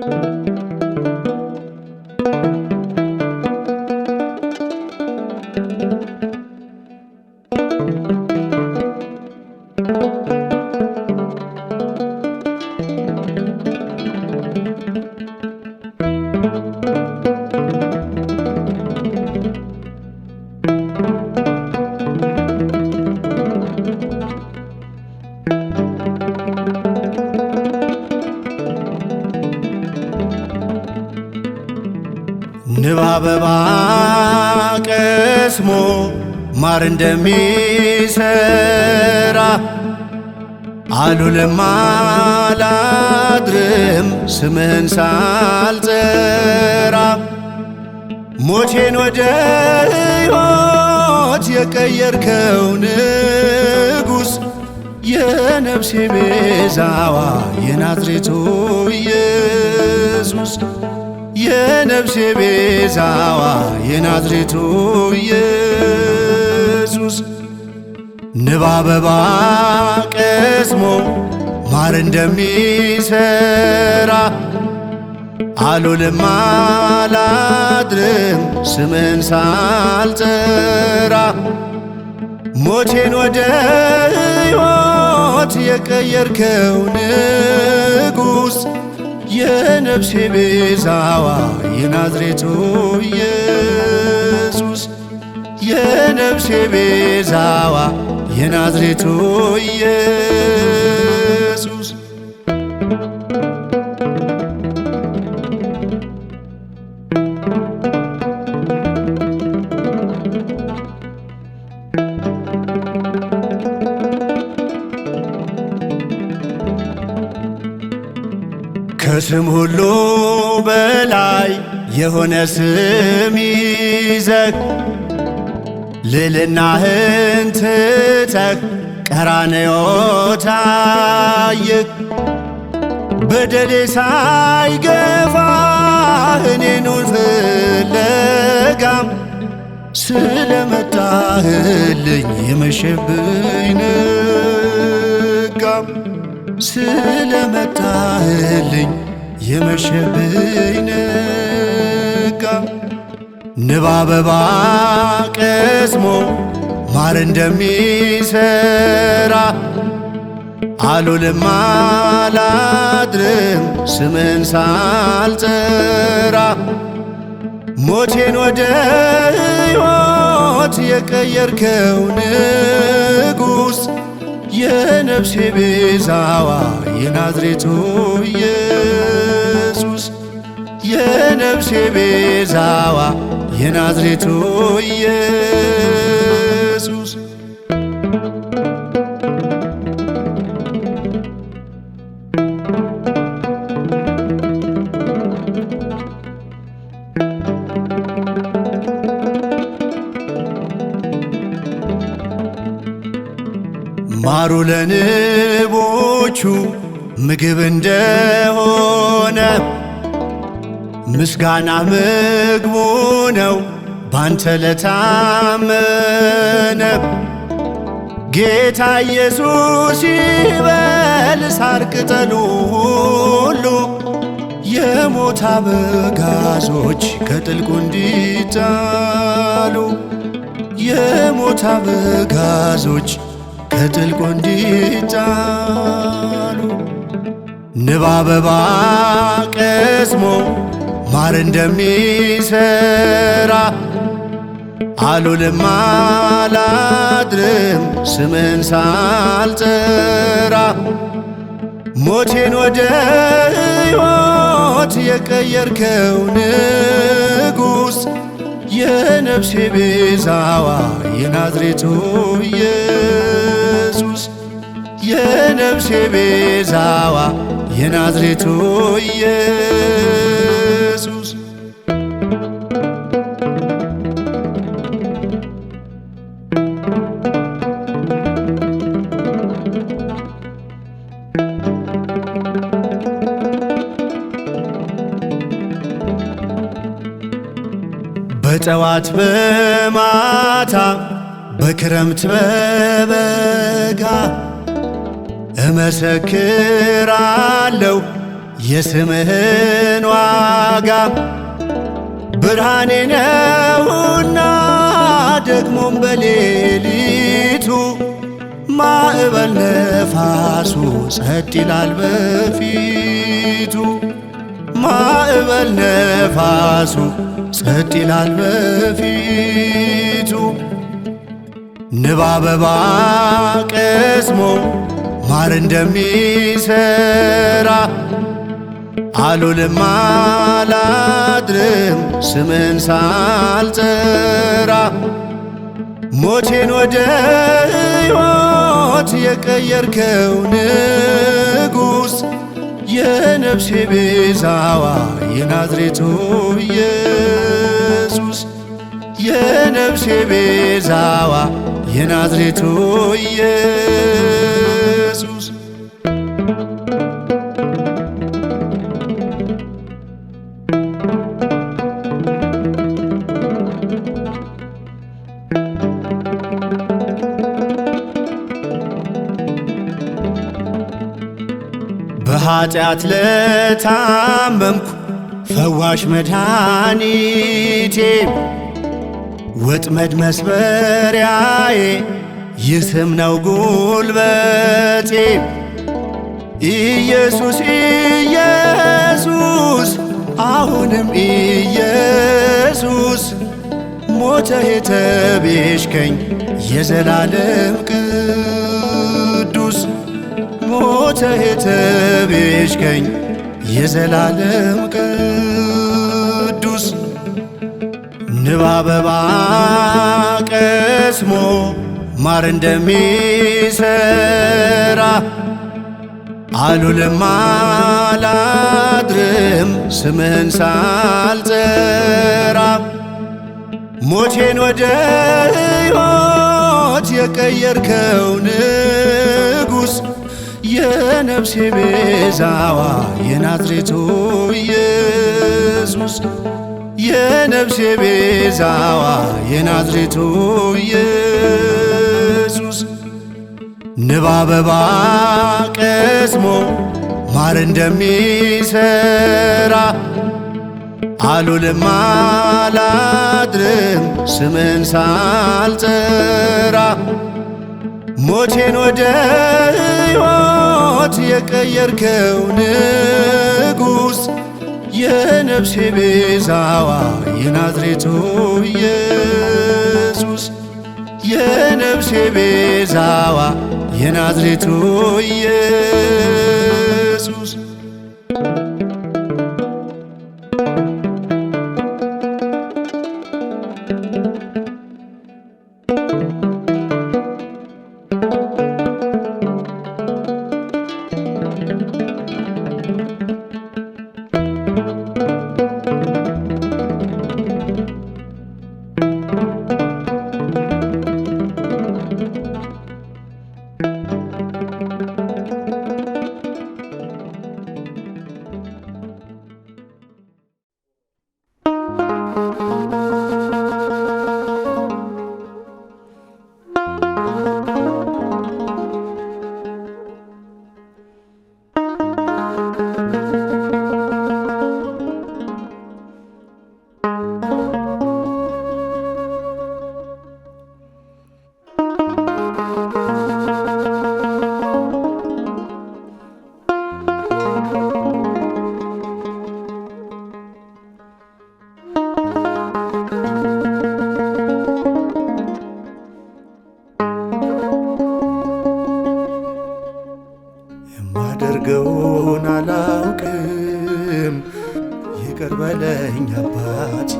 thank you ማር እንደሚሰራ አሉልም አላድርም ስምህን ሳልጠራ ሞቴን ወደ ሕይወት የቀየርከው ንጉሥ የነፍሴ ቤዛዋ የናዝሬቱ ኢየሱስ የነፍሴ ቤዛዋ የናዝሬቱ ኢየሱስ ንብ አበባ ቀስሞ ማር እንደሚሰራ አልውልም አላድርም ስምን ሳልጠራ ሞቴን ወደ ሕይወት የቀየርከው ንጉሥ የነፍሴ ቤዛዋ የናዝሬቱ ኢየሱስ የነፍሴ ቤዛዋ የናዝሬቱ ኢየሱስ ከስም ሁሉ በላይ የሆነ ስም ይዘህ ልልና ትተህ ቀራንዮ ታይህ በደሌ ሳይገፋህ እኔኑን ፍለጋም ስለመጣህልኝ የመሸብኝ ንጋም ስለመጣህልኝ የመሸብኝ ነጋ ንብ አበባ ቀስሞ ማር እንደሚሰራ አልውልም አላድርም ስምን ሳልጠራ ሞቴን ወደ ሕይወት የቀየርከው ንጉሥ የነፍሴ ቤዛዋ የናዝሬቱ የነፍሴ ቤዛዋ የናዝሬቱ ኢየሱስ ማሩ ለንቦቹ ምግብ እንደሆነ ምስጋና ምግቡ ነው ባንተ ለታመነ ጌታ ኢየሱስ ይበል ሳር ቅጠሉ ሁሉ የሞት አበጋዞች ከጥልቁ እንዲጣሉ የሞት አበጋዞች ከጥልቁ እንዲጣሉ ንብ አበባ ቀስሞ ባር እንደሚሰራ አሉልም አላድርም ስምን ሳልጠራ ሞቴን ወደ ሕይወት የቀየርከው ንጉሥ የነፍሴ ቤዛዋ የናዝሬቱ ኢየሱስ የነፍሴ ቤዛዋ የናዝሬቱ ኢየሱስ በጠዋት በማታ በክረምት በበጋ እመሰክራለሁ የስምህን ዋጋ ብርሃኔ ነውና ደግሞም በሌሊቱ ማዕበል ነፋሱ ጸጥ ይላል በፊቱ ማዕበል ነፋሱ ጸጥ ይላል በፊቱ ንብ አበባ ቀስሞ ማር እንደሚሰራ አሉልም አላድርም ስምን ሳልጠራ ሞቴን ወደ ሕይወት የቀየርከው ንጉሥ የነፍሴ ቤዛዋ የናዝሬቱ ኢየሱስ የነፍሴ ቤዛዋ የናዝሬቱ ኢየሱስ በኃጢአት ለታመምኩ ፈዋሽ መድኃኒቴ ወጥመድ መስበሪያዬ ይህ ስም ነው ጉልበቴ ኢየሱስ ኢየሱስ አሁንም ኢየሱስ ሞተ የተቤሽከኝ የዘላለም ቅ ሞተህ የተቤዥከኝ የዘላለም ቅዱስ ንብ አበባ ቀስሞ ማር እንደሚሰራ አሉልም አላድርም ስምህን ሳልጠራ ሞቴን ወደ ሕይወት የቀየርከው ንጉሥ የነፍሴ ቤዛዋ የናዝሬቱ ኢየሱስ የነፍሴ ቤዛዋ የናዝሬቱ ኢየሱስ ንብ አበባ ቀስሞ ማር እንደሚሰራ አልውልም አላድርም ስምን ሳልጠራ ሞቴን ወደ ሕይወት የቀየርከው ንጉሥ የነፍሴ ቤዛዋ የናዝሬቱ ኢየሱስ የነፍሴ ቤዛዋ የናዝሬቱ ኢየሱስ Música አልችልም። ይቅር በለኝ አባቴ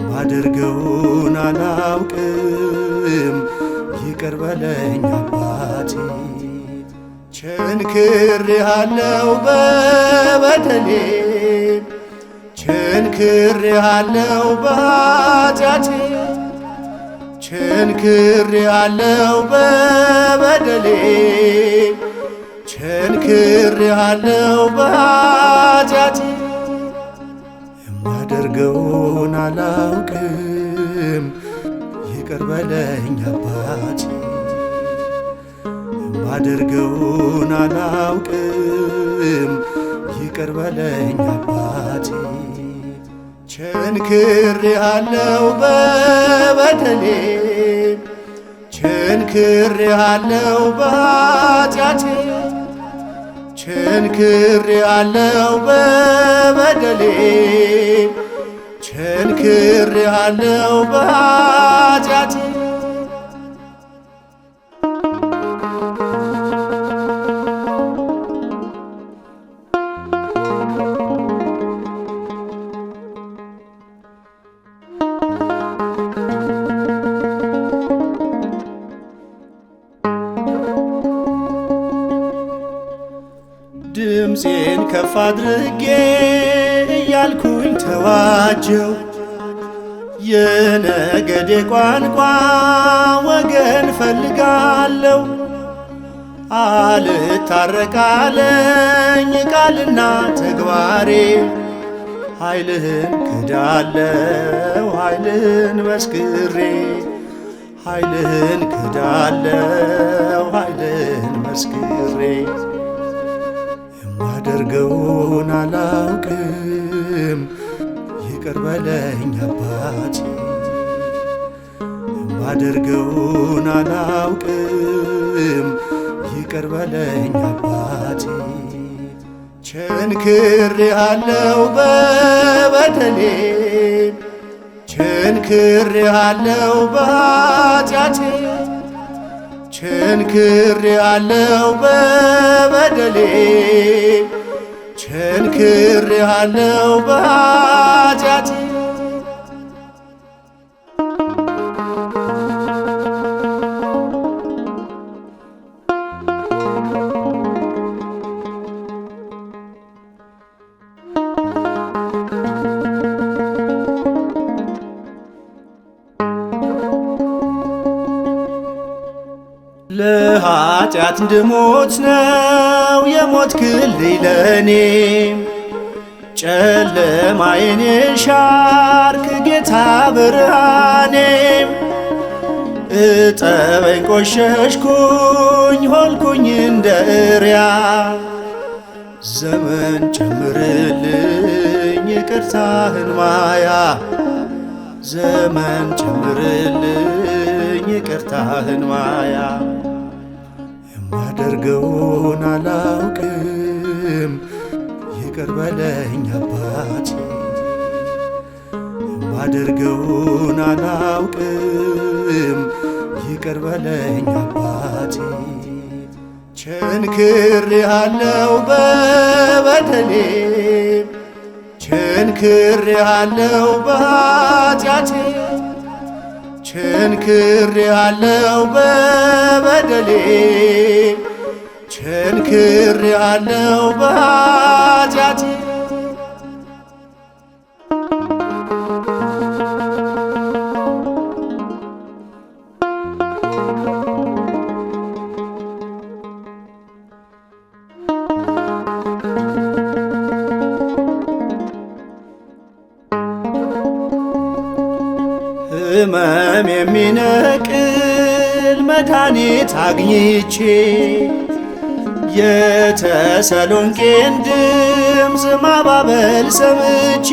የማደርገውን አላውቅም። ይቅር በለኝ አባቴ ቸንክሬአለው በበደሌ ቸንክሬአለው በኃጢአቴ ቸንክሬአለው በበደሌ ተንክር ያለው ባጃጅ የማደርገውን አላውቅም ይቅር በለኝ አባጅ የማደርገውን አላውቅም ይቅር በለኝ አባጅ ቸንክር ያለው በበደሌ ቸንክር ያለው ባጃጅ ቸንክሬ አለው በበደሌ ቸንክሬ አለው በኃጢአቴ ከፍ አድርጌ እያልኩኝ ተዋጀው የነገዴ ቋንቋ ወገን ፈልጋለው አልታረቃለኝ ቃልና ተግባሬ ኃይልህን ክዳለው ኃይልህን መስክሬ ኃይልህን ክዳለው ኃይልህን መስክሬ ያደርገውን አላውቅም። ይቅር በለኝ አባቴ የማደርገውን አላውቅም። ይቅር በለኝ አባቴ ችንክሬ አለው በበደሌ ቸንክር አለው በኃጢአቴ ቸንክሬ አለው በበደሌ ቸንክሬ አለው ባጃቴ በኃጢአት እንድሞት ነው የሞት የሞትክልኝ ለኔ ጨለማዬን ሻርክ ጌታ ብርሃኔም እጠበኝ ቆሸሽኩኝ ሆንኩኝ እንደ እሪያ ዘመን ጨምርልኝ ይቅርታህን ማያ ዘመን ጨምርልኝ ይቅርታህን ማያ ማደርገውን አላውቅም። ይቅር በለኝ አባቴ፣ የማደርገውን አላውቅም። ይቅር በለኝ አባቴ፣ ያለው በበደሌ ቸንክሬአለው በኃጢአቴ ያለው በበደሌ ቸንክር ያለው ባጃጅ ህመም የሚነቅል መድኃኒት አግኝቼ የተሰሎንቄን ድምፅ ማባበል ሰምቼ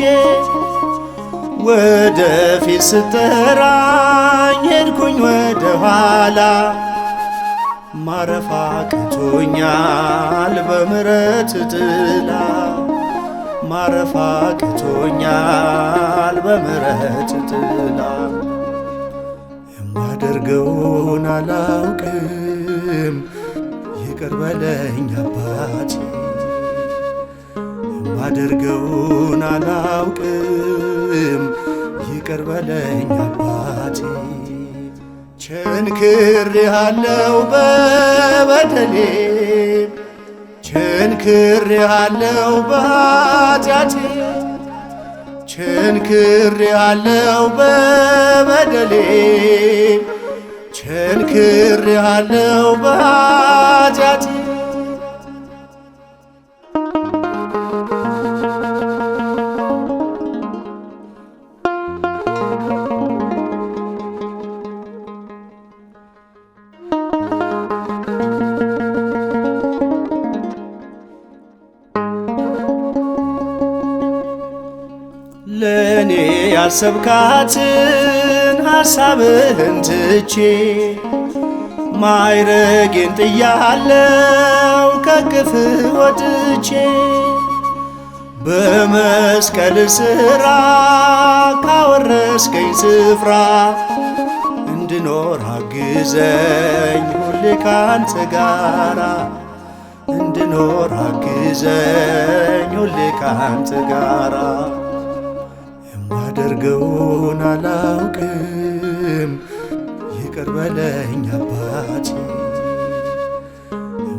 ወደፊት ስጠራኝ ሄድኩኝ ወደ ኋላ ማረፋ ቅቶኛል በምረት ጥላ ማረፋ ቅቶኛል በምረት ጥላ የማደርገውን አላውቅም ይቅር በለኝ አባቴ የማደርገውን አላውቅም ይቅር በለኝ አባቴ ቸንክሬአለው በበደሌ ቸንክሬአለው በኃጢአቴ ቸንክሬአለው በበደሌ ሸንክር ያለው ባጃጅ ለእኔ ያሰብካት ሐሳብህን ትቼ ማይረጌን ጥያለው ከክፍ ወጥቼ በመስቀል ስራ ካወረስከኝ ስፍራ እንድኖር አግዘኝ ሁሌ ካንተ ጋራ እንድኖር አግዘኝ ሁሌ ካንተ ጋራ ማደርገውን አላውቅም። ይቅር በለኝ አባት፣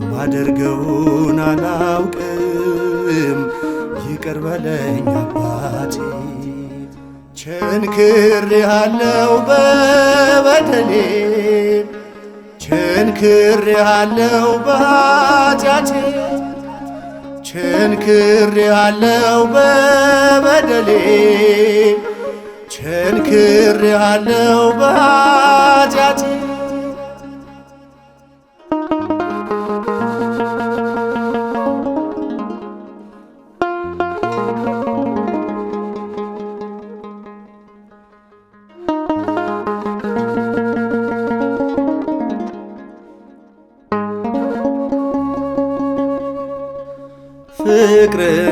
የማደርገውን አላውቅም። ይቅር በለኝ አባት፣ ቸንክር ያለው በበደሌ ቸንክር ያለው በኃጢአቴ ቸንክሬ አለው በበደሌ ቸንክሬ አለው በኃጢአቴ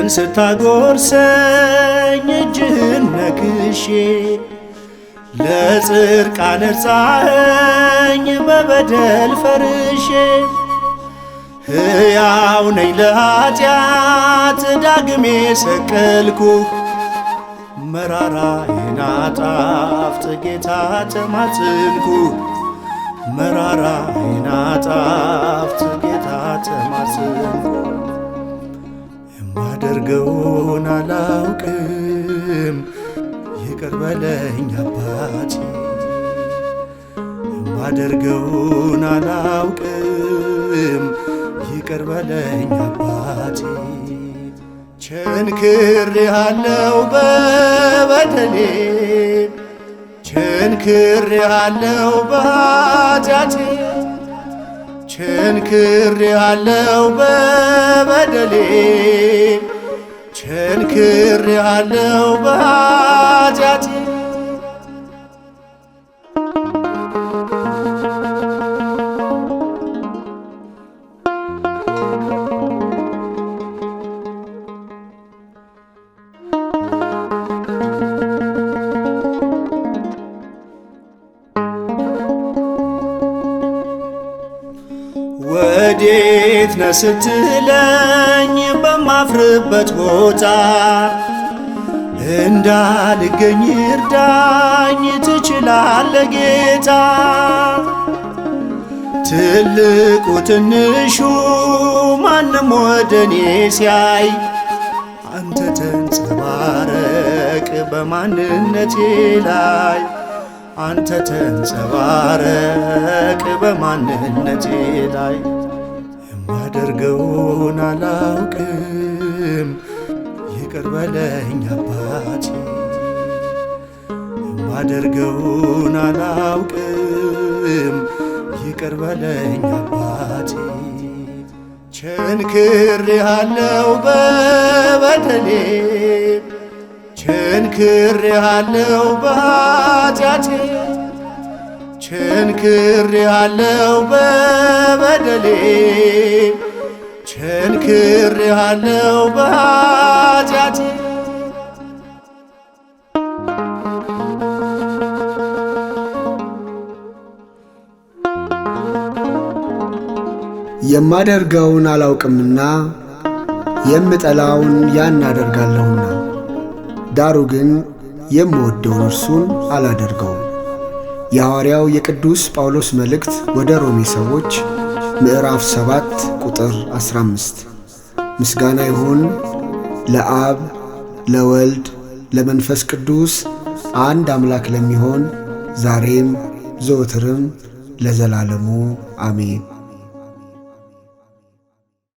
ደስታህን ስታጎርሰኝ እጅህን ነክሼ ለጽድቅ አነጻኸኝ በበደል ፈርሼ ሕያው ነኝ ለኀጢአት ዳግሜ ሰቀልኩ! መራራ ይናጣፍጥ ጌታ ተማጽንኩ መራራ ይናጣፍጥ ጌታ ተማጽንኩ ማደርገውን አላውቅም፣ ይቅር በለኝ አባቴ። ማደርገውን አላውቅም፣ ይቅር በለኝ አባቴ። ያለው በበደሌ ቸንክር ያለው በኃጢአቴ ቸንክሬ ያለው በበደሌ ቸንክሬ ያለው ባጃ ወዴት ነህ ስትለኝ በማፍርበት ቦታ እንዳልገኝ እርዳኝ፣ ትችላለ ጌታ። ትልቁ ትንሹ ማንም ወደኔ ሲያይ አንተ ተንጸባረቅ በማንነቴ ላይ አንተ ተንጸባረቅ በማንነቴ ላይ የማደርገውን አላውቅም፣ ይቅር በለኝ አባቴ። የማደርገውን አላውቅም፣ ይቅር በለኝ አባቴ። ቸንክሬአለው በበደሌ ቸንክሬአለው በኃጢአቴ ቸንክሬአለው በበደሌ ያለው በኃጢአቴ የማደርገውን አላውቅምና የምጠላውን ያናደርጋለሁና ዳሩ ግን የምወደውን እርሱን አላደርገውም። የሐዋርያው የቅዱስ ጳውሎስ መልእክት ወደ ሮሜ ሰዎች ምዕራፍ 7 ቁጥር 15 ምስጋና ይሁን ለአብ ለወልድ ለመንፈስ ቅዱስ አንድ አምላክ ለሚሆን ዛሬም ዘወትርም ለዘላለሙ አሜን።